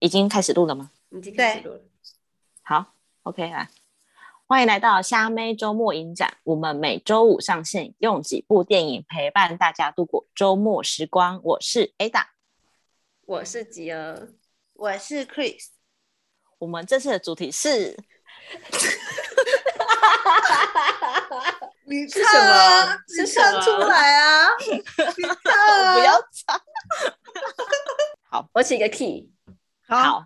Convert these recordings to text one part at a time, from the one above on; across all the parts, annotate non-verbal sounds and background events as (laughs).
已經開始錄了嗎？已經開始錄了。好，OK 來，歡迎來到蝦妹週末影展。我們每週五上線，用幾部電影，陪伴大家度過週末時光。我是 Ada，我是吉兒，我是 Chris。我們這次的主題是， (laughs) (laughs) 你唱啊，你唱出來啊！ (laughs) 你看啊 (laughs) 不要唱。 (laughs) 好，我起一個 key。.好，好，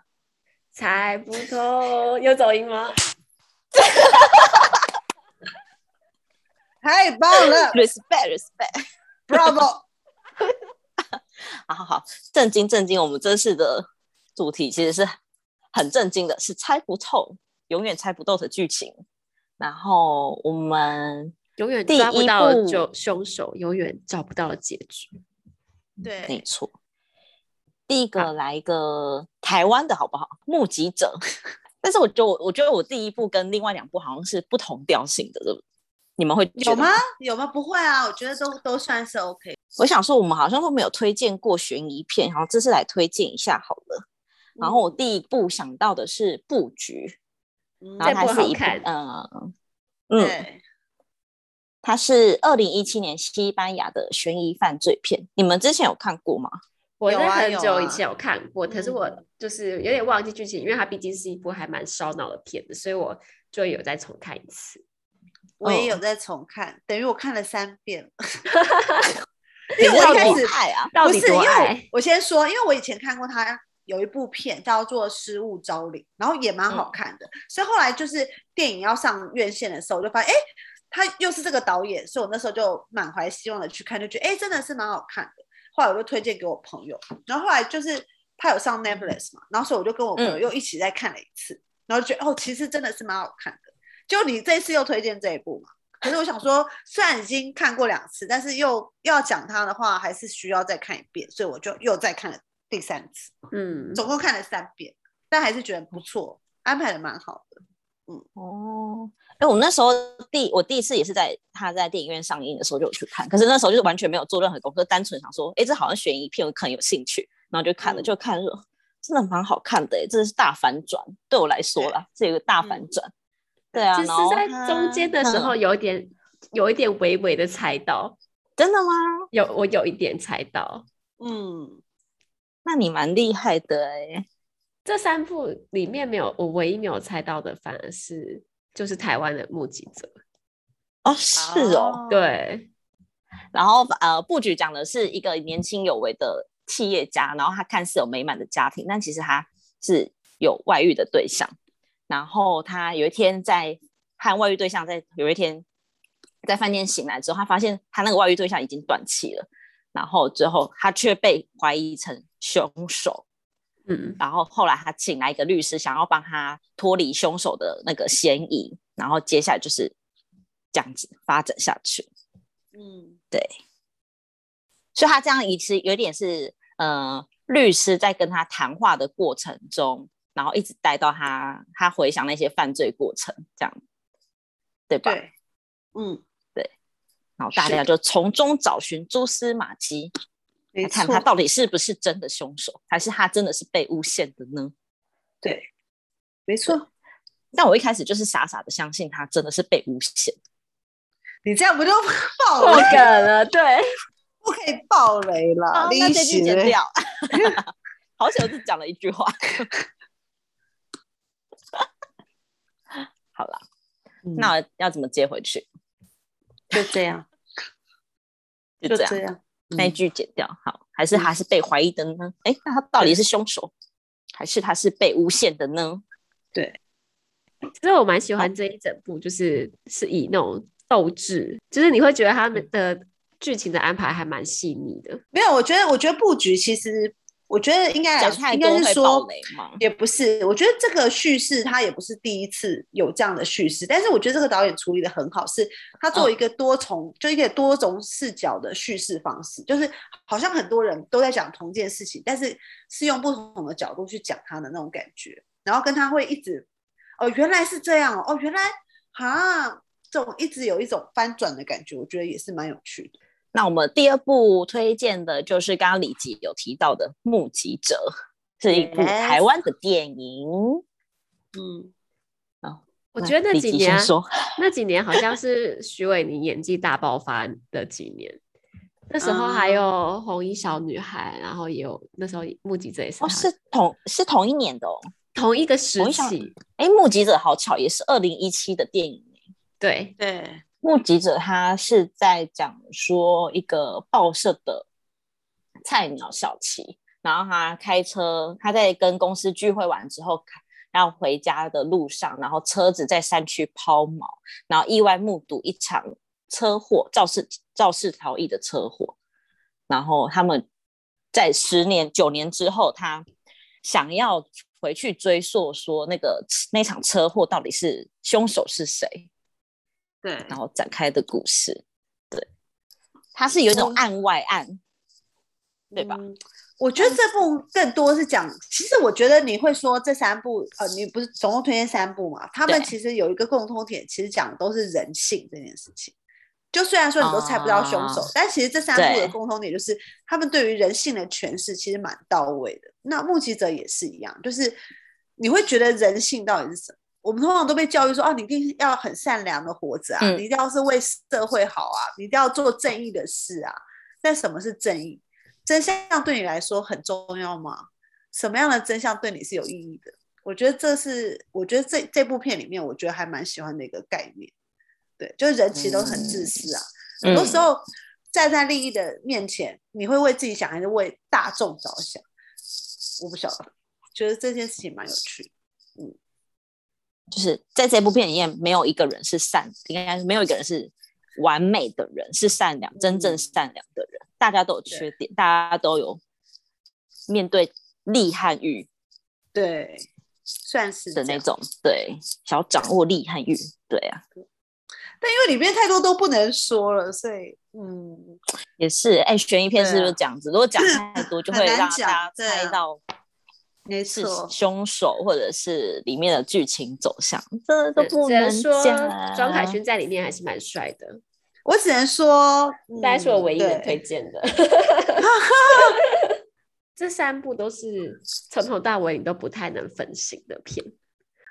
猜不透、 (laughs) 有走音嗎？哈哈哈，太棒了 (laughs) ，respect，respect，Bravo！ (laughs) (laughs) 好，好好，好，震驚，震驚！我們這次的主題其實是很震驚的，是猜不透、永遠猜不透的劇情。然後我們永遠抓不到的凶手，永遠找不到的結局。對，沒錯。第一個來一個台灣的好不好？好目擊者， (laughs) 但是我就我,我覺得我第一部跟另外兩部好像是不同調性的對不對，你們會有嗎有嗎？有嗎？不會啊，我覺得都都算是 OK。我想說，我們好像都沒有推薦過懸疑片，然後這次來推薦一下好了、嗯。然後我第一部想到的是《布局》嗯，然後它是一部看嗯嗯對，它是二零一七年西班牙的懸疑犯罪片，你們之前有看過嗎？我在很久以前有看過有、啊有啊，可是我就是有點忘記劇情、嗯，因為它畢竟是一部還蠻燒腦的片子，所以我就有再重看一次。我也有在重看，oh. 等於我看了三遍。因到底多愛啊？不是，因為我……我先說，因為我以前看過他有一部片叫做《失物招領》，然後也蠻好看的、嗯。所以後來就是電影要上院線的時候，我就發現，哎、欸，他又是這個導演，所以我那時候就滿懷希望的去看，就覺得，哎、欸，真的是蠻好看的。後來我就推薦給我朋友，然後後來就是他有上 Netflix 嘛，然後所以我就跟我朋友又一起再看了一次，嗯，然後就覺得哦，其實真的是蠻好看的。就你這次又推薦這一部嘛，可是我想說，雖然已經看過兩次，但是又要講它的話，還是需要再看一遍，所以我就又再看了第三次，嗯，總共看了三遍，但還是覺得不錯，安排的蠻好的，嗯，哦。哎，我那時候第我第一次也是在他在電影院上映的時候就有去看，可是那時候就是完全沒有做任何功課，就單純想說，哎、欸，這好像懸疑片，我可能有興趣，然後就看了，嗯、就看了，真的蠻好看的、欸，哎，這是大反轉，對我來說啦，這、嗯、有個大反轉、嗯，對啊，只是在中間的時候有一點、嗯、有一點微微的猜到，真的嗎？有，我有一點猜到，嗯，那你蠻厲害的、欸，哎，這三部裡面沒有，我唯一沒有猜到的反而是。就是台灣的目擊者哦，是哦，對。然後呃，佈局講的是一個年輕有為的企業家，然後他看似有美滿的家庭，但其實他是有外遇的對象。然後他有一天在他和外遇對象在有一天在飯店醒來之後，他發現他那個外遇對象已經斷氣了。然後最後他卻被懷疑成兇手。嗯，然後後來他請來一個律師，想要幫他脫離凶手的那個嫌疑，然後接下來就是這樣子發展下去。嗯，對。所以他這樣一次有點是，呃，律師在跟他談話的過程中，然後一直帶到他他回想那些犯罪過程，這樣，對吧？嗯，嗯對。然後大家就從中找尋蛛絲馬跡。你看他到底是不是真的兇手，還是他真的是被誣陷的呢？對，對沒錯。但我一開始就是傻傻的相信他真的是被誣陷的。你這樣不就爆梗了？對，不可以爆雷了、 (laughs) 啊，那這句剪掉。 (laughs) 好像我只講了一句話。 (laughs) 好了、嗯，那我要怎麼接回去？就這樣，就這樣。嗯、那句剪掉好，還是他是被懷疑的呢？哎、嗯欸，那他到底是凶手，嗯、還是他是被誣陷的呢？對，其實我蠻喜歡這一整部，就是是以那種鬥智，就是你會覺得他們的劇情的安排還蠻細膩的、嗯。沒有，我覺得我覺得布局其實。我覺得應該來，講太多會爆雷嗎？應該是說，也不是。我覺得這個敘事他也不是第一次有這樣的敘事，但是我覺得這個導演處理的很好，是他做一個多重，哦、就一個多種視角的敘事方式，就是好像很多人都在講同一件事情，但是是用不同的角度去講他的那種感覺，然後跟他會一直，哦，原來是這樣哦，原來哈、啊，這種一直有一種翻轉的感覺，我覺得也是蠻有趣的。那我們第二部推薦的就是剛剛李吉有提到的《目擊者》，是一部台灣的電影。Yes. 嗯，我覺得那幾年、啊，那幾年好像是許瑋甯演技大爆發的幾年。 (laughs) 那時候還有《紅衣小女孩》，然後也有那時候《目擊者》也是哦，是同是同一年的、哦，同一個時期。哎，誒《目擊者》好巧，也是二零一七的電影。對對。目擊者他是在講說一個報社的菜鳥小齊，然後他開車，他在跟公司聚會完之後，要回家的路上，然後車子在山區拋錨，然後意外目睹一場車禍，肇事肇事逃逸的車禍。然後他們在十年、九年之後，他想要回去追溯，說那個那場車禍到底是兇手是誰？對、嗯，然後展開的故事，對，它是有一種案外案、嗯，對吧？我覺得這部更多是講，其實我覺得你會說這三部，呃，你不是總共推薦三部嘛？他們其實有一個共通點，其實講的都是人性這件事情。就雖然說你都猜不到兇手，哦、但其實這三部的共通點就是他們對於人性的詮釋其實蠻到位的。那《目擊者》也是一樣，就是你會覺得人性到底是什麼？我們通常都被教育說：“啊，你一定要很善良的活着啊，嗯、你一定要是為社會好啊，你一定要做正義的事啊。”但什麼是正義？真相對你來說很重要嗎？什麼樣的真相對你是有意義的？我覺得這是，我覺得這這部片裡面，我覺得還蠻喜歡的一個概念。對，就是人其實都很自私啊，嗯、很多時候站在利益的面前，你會為自己想還是為大眾着想？我不曉得，覺得這件事情蠻有趣。嗯。就是在這部片裡面，沒有一個人是善，應該是沒有一個人是完美的人，是善良、嗯、真正善良的人。大家都有缺點，大家都有面對利害慾，對，算是的那種，對，想要掌握利害慾，對啊對。但因為裡面太多都不能說了，所以嗯，也是，哎、欸，懸疑片是不是這樣子？啊、如果講太多，就會讓大家猜到。是凶手，或者是裡面的劇情走向，這都不能說，只能說莊凱勛在裡面還是蠻帥的。我只能說，他、嗯、是我唯一能推薦的。 (laughs) 啊、哈 (laughs) 這三部都是從頭到尾你都不太能分心的片。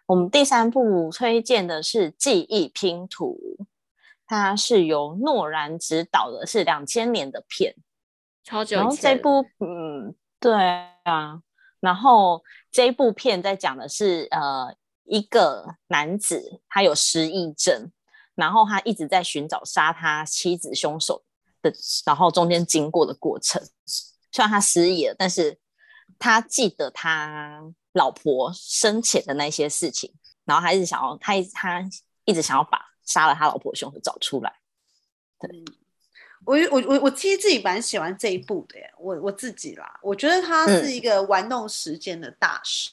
我們第三部推薦的是《記憶拼圖》，它是由諾然執導的，是兩千年的片，超久然後這部，嗯，對啊。然後這一部片在講的是，呃，一個男子他有失憶症，然後他一直在尋找殺他妻子兇手的，然後中間經過的過程。雖然他失憶了，但是他記得他老婆生前的那些事情，然後還是想要他一他一直想要把殺了他老婆的兇手找出來。對。嗯我我我我其實自己蠻喜歡這一部的耶，我我自己啦，我覺得他是一個玩弄時間的大師，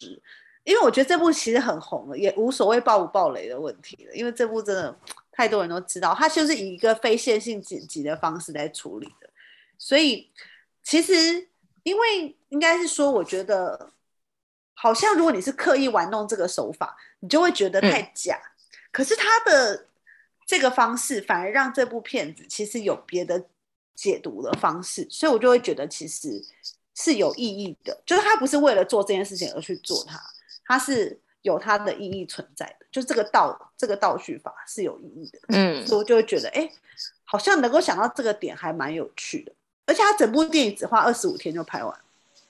因為我覺得這部其實很紅了，也無所謂爆不爆雷的問題了，因為這部真的太多人都知道，他就是以一個非線性剪輯的方式來處理的，所以其實因為應該是說，我覺得好像如果你是刻意玩弄這個手法，你就會覺得太假，嗯，可是他的。這個方式反而讓這部片子其實有別的解讀的方式，所以我就會覺得其實是有意義的，就是它不是為了做這件事情而去做它，它是有它的意義存在的，就是這個道這個倒敘法是有意義的，嗯，所以我就會覺得哎，好像能夠想到這個點還蠻有趣的，而且它整部電影只花二十五天就拍完，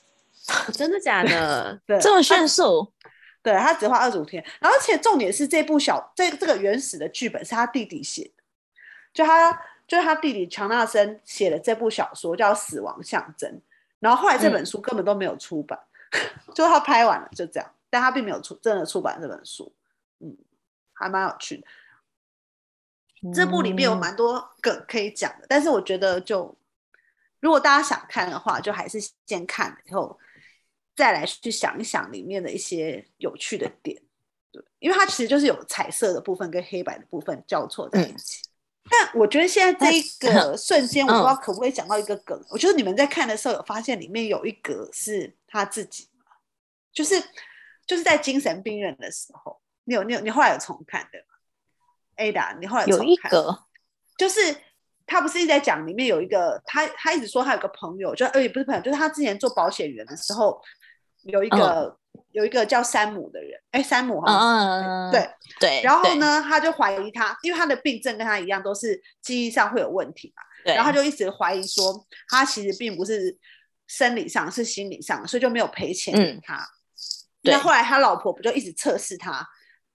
(laughs) 真的假的 (laughs) 對？對，這麼迅速。啊對，他只花二十五天，而且重點是這部小，這這個原始的劇本是他弟弟寫的，就他就是他弟弟強納森寫的這部小說叫《死亡象徵》，然後後來這本書根本都沒有出版，嗯、 (laughs) 就他拍完了就這樣，但他並沒有出真的出版這本書，嗯，還蠻有趣的。這部裡面有蠻多梗可以講的，但是我覺得就如果大家想看的話，就還是先看了以後。再來去想一想裡面的一些有趣的點，對，因為它其實就是有彩色的部分跟黑白的部分交錯在一起、嗯。但我覺得現在這一個瞬間、嗯，我不知道可不可以講到一個梗、嗯。我覺得你們在看的時候有發現裡面有一格是他自己，就是就是在精神病人的時候，你有你有你後來有重看的。Ada 你後來重看有一格，就是他不是一直在講裡面有一個他他一直說他有個朋友，就呃也、欸、不是朋友，就是他之前做保險員的時候。有一個、oh. 有一個叫山姆的人，哎、欸，山姆哈，對對，然後呢，他就懷疑他，因為他的病症，跟他一樣，都是記憶上會有問題嘛，對，然後他就一直懷疑說，他其實並不是生理上，是心理上，所以就沒有賠錢給他。那、嗯、後，後來他老婆不就一直測試他，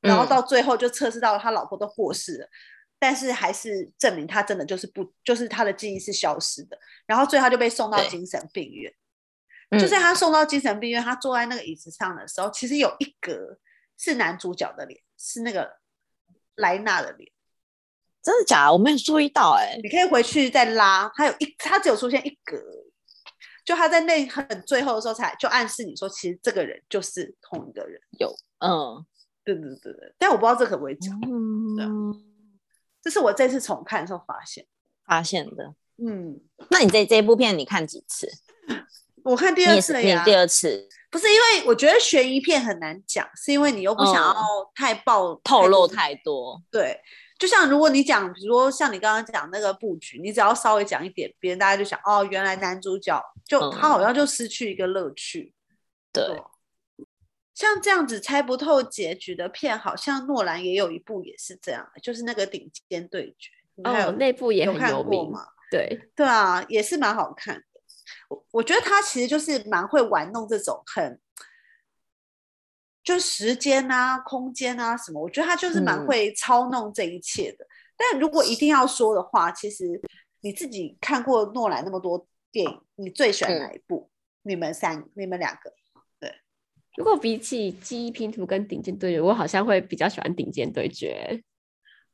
然後到最後就測試到他老婆都過世了、嗯，但是還是證明他真的就是不，就是他的記憶是消失的，然後最後他就被送到精神病院。就在、是、他送到精神病院，他坐在那個椅子上的時候，其實有一格是男主角的臉，是那個萊娜的臉，真的假的？我沒有注意到哎、欸。你可以回去再拉，他有一，他只有出現一格，就他在那很最後的時候才就暗示你說，其實這個人就是同一個人。有，嗯，對對對對，但我不知道這可不可以講。嗯、這，這是我這次重看的時候發現的發現的。嗯，那你在這、這部片你看幾次？我看第二次了呀，第二次不是因為我覺得懸疑片很難講，是因為你又不想要太爆，嗯、透露太多。對，就像如果你講，比如說像你剛剛講那個佈局，你只要稍微講一點，別人大家就想哦，原來男主角就，嗯、他好像就失去一個樂趣對。對，像這樣子猜不透結局的片，好像諾蘭也有一部也是這樣，就是那個頂尖對決。還有哦，那部也有，有看過嘛。對，對啊，也是蠻好看。我覺得他其實就是蠻會玩弄這種很，就時間啊、空間啊什麼，我覺得他就是蠻會操弄這一切的。嗯。但如果一定要說的話，其實你自己看過諾蘭那麼多電影，你最喜歡哪一部？嗯。你們三、你們兩個對？如果比起記憶拼圖跟頂尖對決，我好像會比較喜歡頂尖對決。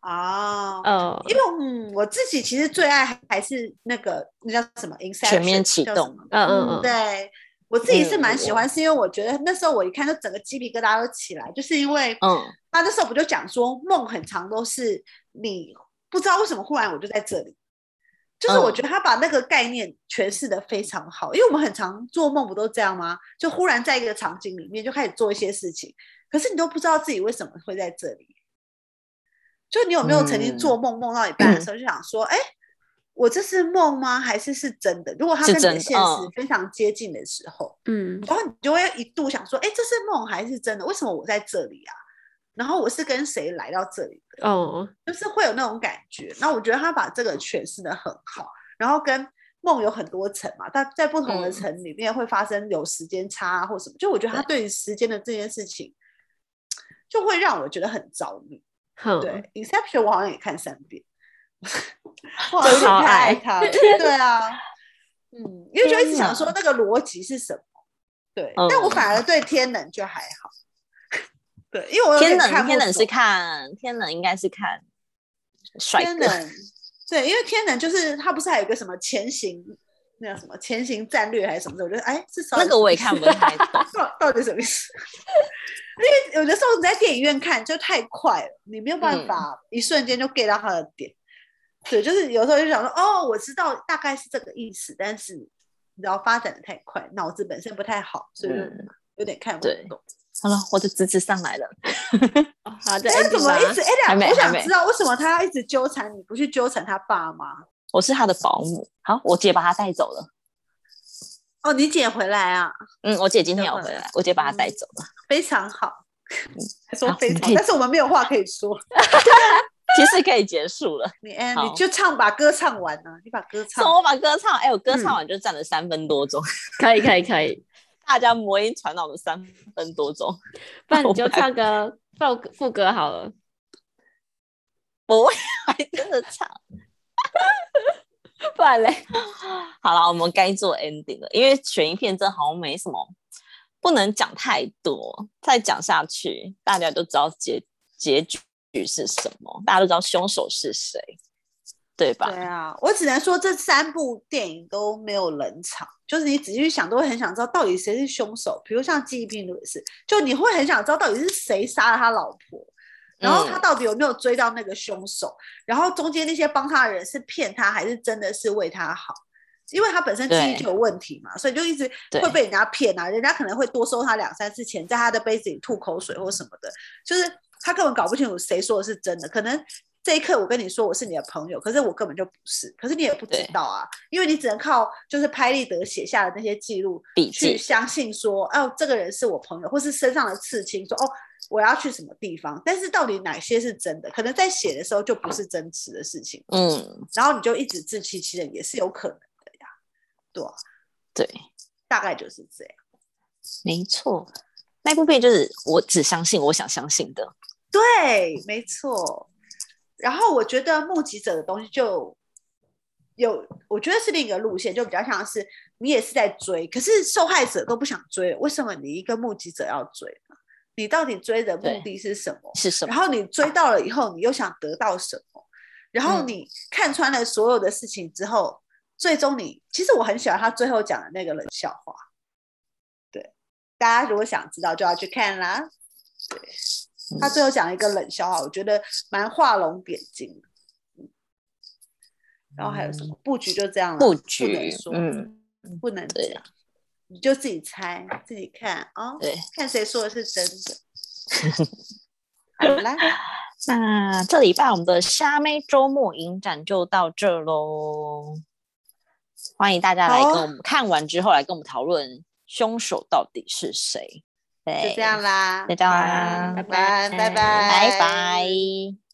哦、oh, uh,，因為嗯，我自己其實最愛還是那個那叫什麼，Inception 全面啟動，uh, uh, uh, 嗯嗯對，uh, uh, 我自己是蠻喜歡，是因為我覺得那時候我一看，就整個雞皮疙瘩都起來，就是因為，嗯，他那時候不就講說夢很常都是你不知道為什麼忽然我就在這裡，就是我覺得他把那個概念詮釋的非常好，因為我們很常做夢不都這樣嗎？就忽然在一個場景裡面就開始做一些事情，可是你都不知道自己為什麼會在這裡。就你有沒有曾經做夢，夢、嗯、到一半的時候就想說：“哎、嗯欸，我這是夢嗎？還是是真的？”如果他跟你的現實非常接近的時候的、哦，嗯，然後你就會一度想說：“哎、欸，這是夢還是真的？為什麼我在這裡啊？然後我是跟誰來到這裡的？”哦，就是會有那種感覺。那我覺得他把這個詮釋得很好，然後跟夢有很多層嘛，但在不同的層裡面會發生有時間差、啊、或什麼、嗯。就我覺得他對於時間的這件事情，就會讓我覺得很着迷。對，《Inception》我好像也看三遍，有 (laughs) 點愛他。對啊，嗯，因為就一直想說那個邏輯是什麼。對，但我反而對天能就還好。對，因為我天能，天能是看天能，應該是看。天能。對，因為天能就是他不是還有一個什麼前行，那叫什麼前行戰略還是什麼的？我覺得哎，欸、至少是，是那個我也看不太懂， (laughs) 到底什麼意思？ (laughs) 因為有的時候你在電影院看就太快了，你沒有辦法、嗯、一瞬間就 get 到他的點。對，就是有時候就想說，哦，我知道大概是這個意思，但是你知道發展得太快，腦子本身不太好，所以有點看不懂。好、嗯、了，Hello, 我的侄子上來了。好 (laughs) 的、 (laughs) 啊。哎、欸，怎麼、欸、一直哎呀？我想知道為什麼他要一直糾纏你，你不去糾纏他爸媽？我是他的保姆。好，我姐把他帶走了。哦，你姐回來啊？嗯，我姐今天要回來，我姐把她帶走了、嗯，非常好，說、嗯、非常，但是我們沒有話可以說， (laughs) 對啊、 (laughs) 其實可以結束了。你、欸，你就唱把歌唱完啊，你把歌唱，我把歌唱完，哎、欸，我歌唱完就占了三分多鐘，嗯、 (laughs) 可以，可以，可以， (laughs) 大家魔音傳到了三分多鐘，那你就唱個副歌好了，我我 (laughs) 還真的唱。 (laughs) (laughs) 不然了，好了，我們該做 ending 了，因為懸疑片真的好像沒什麼，不能講太多，再講下去，大家都知道結結局是什麼，大家都知道兇手是誰，對吧？對啊，我只能說這三部電影都沒有冷場，就是你仔細去想都會很想知道到底誰是兇手。比如像《記憶拼圖》也是，就你會很想知道到底是誰殺了他老婆。然後他到底有沒有追到那個兇手？嗯、然後中間那些幫他的人是騙他，還是真的是為他好？因為他本身記憶就有問題嘛，所以就一直會被人家騙啊。人家可能會多收他兩三次錢，在他的杯子裡吐口水或什麼的，就是他根本搞不清楚誰說的是真的。可能這一刻我跟你說我是你的朋友，可是我根本就不是。可是你也不知道啊，因為你只能靠就是拍立得寫下的那些記錄筆記去相信說哦，這個人是我朋友，或是身上的刺青說哦。我要去什麼地方？但是到底哪些是真的？可能在寫的時候就不是真實的事情。嗯，然後你就一直自欺欺人，也是有可能的呀。對，對，大概就是這樣。沒錯，那部分就是我只相信我想相信的。對，沒錯。然後我覺得目擊者的東西就有，我覺得是另一個路線，就比較像是你也是在追，可是受害者都不想追，為什麼你一個目擊者要追呢？你到底追的目的是什麼？是什麼？然後你追到了以後，你又想得到什麼？然後你看穿了所有的事情之後，嗯、最終你其實我很喜歡他最後講的那個冷笑話。對，大家如果想知道，就要去看啦。對，嗯、他最後講一個冷笑話，我覺得蠻畫龍點睛的嗯。然後還有什麼佈局就這樣了？佈局，不能說嗯，不能這樣。嗯你就自己猜，自己看哦。對，看誰說的是真的。 (laughs) 好啦， (laughs) 那這禮拜我們的蝦妹週末影展就到這嘍。歡迎大家來跟我們、哦、看完之後來跟我們討論兇手到底是誰？對，就這樣啦，啦，拜 (noise) 拜樂，拜拜，拜 (noise) 拜樂。Bye, bye, bye, bye bye, bye